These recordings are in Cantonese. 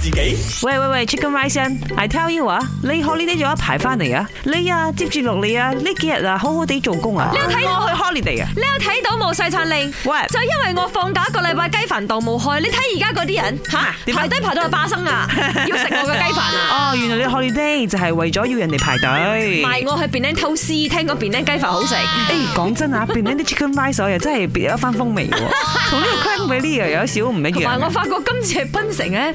自己？喂喂喂，Chicken Rice，I tell you 啊，你 holiday 咗一排翻嚟啊，你啊接住落嚟啊，呢幾日啊好好地做工啊，你有睇我，我去 holiday 啊？你有睇到冇西餐令？喂，就因為我放假一個禮拜，雞飯檔冇開，你睇而家嗰啲人吓，蛤排隊排到阿巴生 啊，要食我嘅雞飯啊！哦，原來你 holiday 就係為咗要人哋排隊。埋我去便當偷師，聽講便當雞飯好食。誒，講真啊，便當啲 Chicken Rice 又真係別有一番風味，同呢個 Chicken Rice 有少唔一樣。同埋我發覺今次係檳城咧。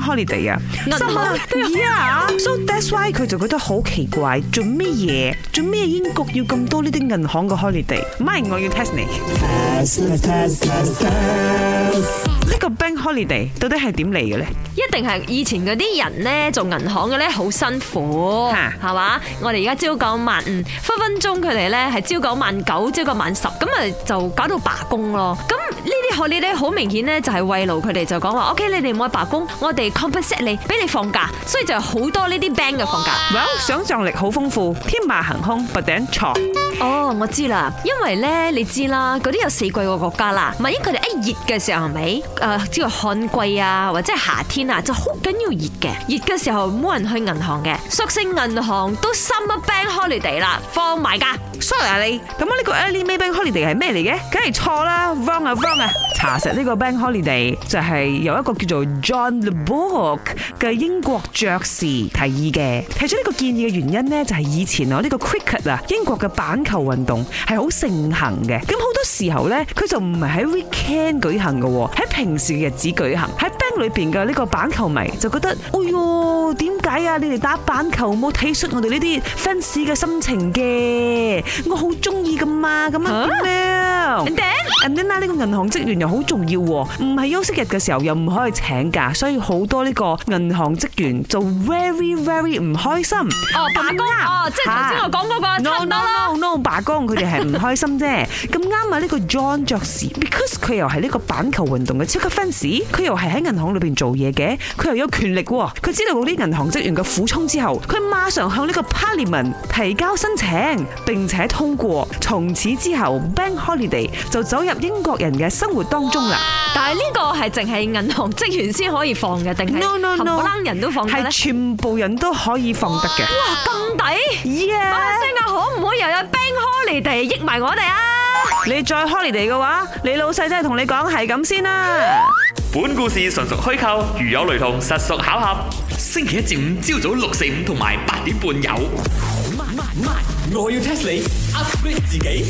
holiday 啊，so that's why 佢就覺得好奇怪，做咩嘢？做咩英國要咁多呢啲銀行嘅 holiday？唔係，我要 test 你。呢個 bank holiday 到底係點嚟嘅咧？一定係以前嗰啲人咧做銀行嘅咧好辛苦，吓，係嘛的？我哋而家朝九晚五，分分鐘佢哋咧係朝九晚九，朝九晚十，咁啊就搞到罷工咯。咁呢？學你咧好明顯咧就係慰勞佢哋就講話，OK 你哋唔去罷工，我哋 compensate 你，俾你放假，所以就有好多呢啲 bank 嘅放假。Well，想象力好豐富，天馬行空，不頂錯。哦，我知啦，因為咧你知啦，嗰啲有四季嘅國家啦，萬一佢哋一熱嘅時候係咪？誒，即係旱季啊，或者係夏天啊，就好緊要熱嘅。熱嘅時候冇人去銀行嘅，索性銀行都深一 bank holiday 啦，放埋假。Sorry 啊你，咁我呢個 early May bank holiday 係咩嚟嘅？梗係錯啦，wrong 啊 wrong 啊！查實呢個 Bank Holiday 就係由一個叫做 John Lubbock 嘅英國爵士提議嘅，提出呢個建議嘅原因呢，就係以前我呢個 cricket 啊，英國嘅板球運動係好盛行嘅，咁好多時候呢，佢就唔係喺 weekend 舉行噶，喺平時嘅日子舉行，喺 bank 裏邊嘅呢個板球迷就覺得，哎喲，點解啊你哋打板球冇體恤我哋呢啲 fans 嘅心情嘅？我好中意噶嘛，咁樣 and then 呢個銀行職員。又好重要，唔係休息日嘅時候又唔可以請假，所以好多呢個銀行職員就 very very 唔開心。哦罷工哦，嗯啊、即係頭先我講嗰個 no no 罷工，佢哋係唔開心啫。咁啱啊，呢個 John 爵士，because 佢又係呢個板球運動嘅超級 fans，佢又係喺銀行裏邊做嘢嘅，佢又有權力。佢知道啲銀行職員嘅苦衷之後，佢馬上向呢個 Parliament 提交申請，並且通過。從此之後，Bank Holiday 就走入英國人嘅生。活當中啦，但係呢個係淨係銀行職員先可以放嘅，定係冚唪唥人都放得？no, no, no, no, no, 全部人都可以放得嘅。哇、oh，咁抵 Yeah.！阿星啊，可唔可以又有 Bank Holiday 益埋我哋啊？你再 holiday 嘅話，你老細真係同你講係咁先啦。就是，本故事純屬虛構，如有雷同，實屬巧合。星期一至五朝早六四五同埋八點半有。My, my, my. 我要 test 你，upgrade 自己。